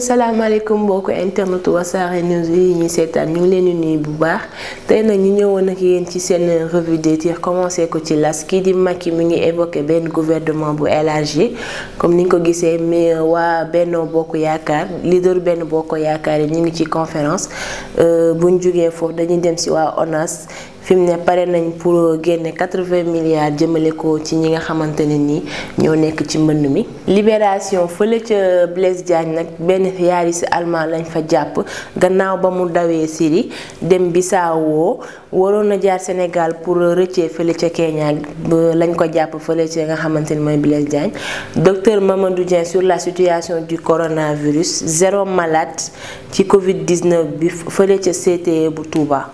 salaamaaleykum mbokki internet wasaare news yi ñu seetaan ñu ngi leen di nuyu bu baax tey nag ñu ñëwoon ak yéen ci seen revue des titres commencé ko ci las kii di Macky mu ngi évoqué benn gouvernement bu élargi comme ni ñu ko gisee mais waa Benno Bokk Yaakaar leader benn Bokk Yaakaar yi ñu ngi ci conférence euh, bu ñu jógee foofu dañuy dem si waa ONAS fi mu ne pare nañ pour génne quatre-vingts milliards jëmale ko ci ñi nga xamante ne nii ñoo nekk ci mbënn mi. Libération fële ca Blaise Diagne nag benn yaarisi allemand lañ fa jàpp gannaaw ba mu dawee Syrie dem Bissau waroon na jaar senegal pour rëccee fële ca Kenya lañ ko jàpp fële ca nga xamante ni mooy Blaise Diagne mama du Dieng sur la situation du coronavirus zéro malade ci Covid 19 bi fële ca CTE bu Touba.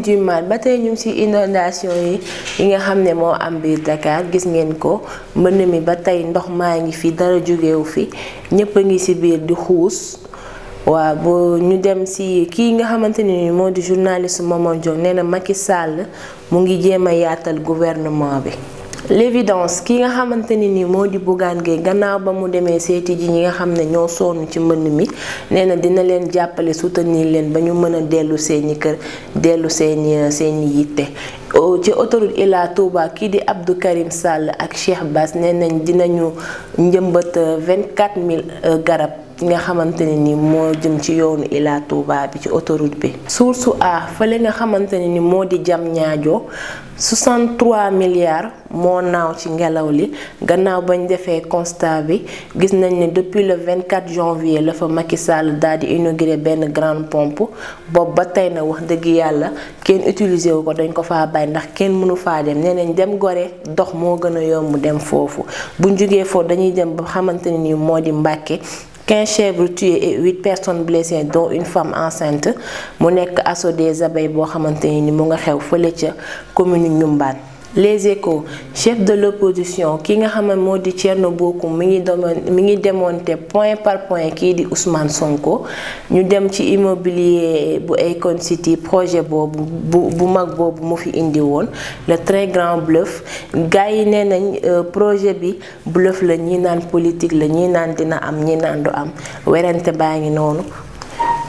Racine du ba tey ñu ngi ci inondation yi yi nga xam ne moo am biir Dakar gis ngeen ko mbënn mi ba tey ndox maa ngi fi dara jógewu fi ñëpp a ngi ci biir di xuus waaw boo ñu dem ci kii nga xamante ni moo di journaliste Momar Diop nee na Macky sàll mu ngi jéem a yaatal gouvernement bi. l'évidence ki nga xamante ne ni moo di Bougane gee gannaaw ba mu demee seeti ji ñi nga xam ne ñoo sonn ci mbënn mi nee na dina leen jàppale soutenir leen ba ñu mën a dellu seeni kër dellu seeni seeni yitte ci autoroute Ila Touba kii di Abdou Karim sàll ak Cheikh bas nee nañ dinañu njëmbat 24000 euh, garab li nga xamante ne ni moo jëm ci yoonu Ila Touba bi ci autoroute bi. su a fële nga xamante ne ni moo di jam ñaajo 63 milliards moo naaw ci ngelaw li gannaaw bañ defee constat bi gis nañ ne depuis le 24 janvier la fa Macky Sall daal di inauguré benn grande pompe boobu ba tey na wax dëgg yàlla kenn utilisé wu ko dañ ko fa bàyyi ndax kenn mënu faa dem nee nañ dem gore dox moo gën a yomb dem foofu buñ jógee foofu dañuy dem ba xamante ne ni moo di Mbàkke 15 chèvres tuées et 8 personnes blessées dont une femme enceinte mu nekk assaut des abeilles qui ont été nga xew ca commune les échos chef de l'opposition ki nga xam moo di Thierno Bocoum mi ngi demoon mi ngi demoon te point par point kii di Ousmane Sonko ñu dem ci immobilier bu Akon City projet boobu bu bu mag boobu mu fi indi woon le très grand bluff gars yi nee nañ euh, projet bi bluff la ñi naan politique la ñi naan dina am ñi naan du am werante baa ngi noonu.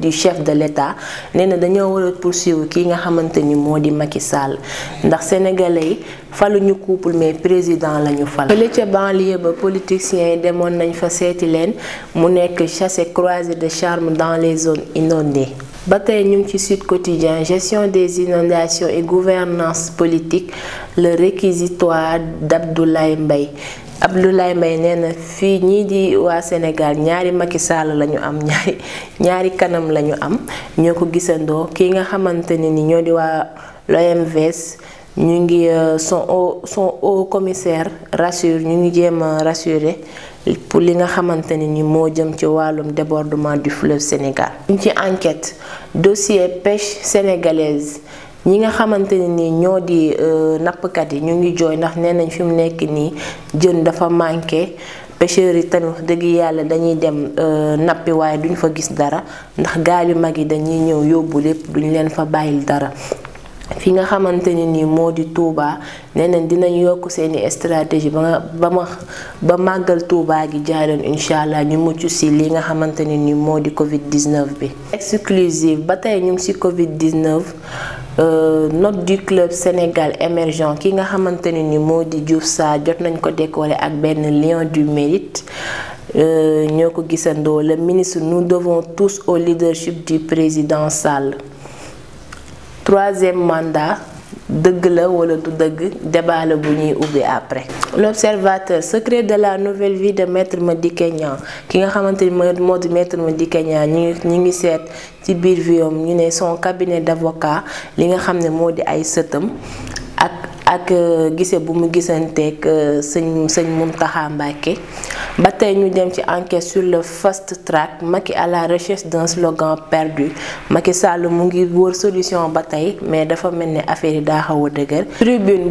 du chef de l'État nous avons dañoo war a nous a nga xamante ni makissal le Sénégal, ndax sénégalais yi faluñu couple mais président la ñu fal. fële ca les politiciens demandent une nañ fa seeti mu de charme dans les zones inondées. Bataille tey ñu Sud Quotidien gestion des inondations et gouvernance politique le réquisitoire d'Abdoulaye Mbaye Abdoulaye Mbaye nee na fii ñii di waa Sénégal ñaari Macky Sall la ñu am ñaari ñaari kanam la ñu am ñoo ko gisandoo kii nga xamante ne ni ñoo di waa l'OMVS ñu ngi euh, son haut son haut commissaire rassure ñu ngi jéem a rassurer pour li nga xamante ne ni moo jëm ci wàllum débordement du fleuve Sénégal. ñu ci enquête dossier pêche sénégalaise. ñi nga xamante ne ni ñoo di euh, nappkat yi ñu ngi jooy ndax nee nañ fi mu nekk nii jën dafa manqué pêcheurs yi tamit wax dëgg yàlla dañuy dem euh, nappi waaye duñu fa gis dara ndax gaal yu mag yi dañuy ñëw yóbbu lépp duñ leen fa bàyyil dara. fi nga xamante ne nii moo di Touba nee nañ dinañ yokk seeni stratégie ba nga ba ma ba màggal Touba gi jaaroon incha allah ñu mucc si lii nga xamante ne nii moo di Covid 19 bi. exclusive ba tey ñu ngi si Covid 19. Euh, note du club Sénégal émergent qui nga maintenu ni modi Diouf sa jot nañ ko ak lion du mérite euh, le ministre nous devons tous au leadership du président Sall troisième mandat dëgg la wala du dëgg débat la bu ou ubbi après. l'observateur secret de la nouvelle vie de maître Madické Niang ki nga xamante ni moo di maître Madické Niang ñu ngi ñu ngi seet ci biir viom ñu son cabinet d'avocat li nga xam ne ay ak euh, gise bu mu euh, enquête sur le fast track Macky à la recherche d'un slogan perdu Macky Sall mu ngi solution en mais dafa melni affaire yi La tribune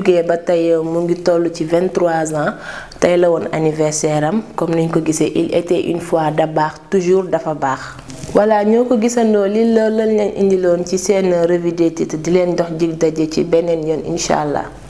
jugee ba tey euh, mu ngi toll ci 23 ans tey la woon anniversaire am comme niñ ko gisee il était une fois da baax toujours dafa baax. voilà ñoo ko gisandoo li la lañ leen indiloon ci seen revue des di leen dox dig daje ci beneen yoon incha allah.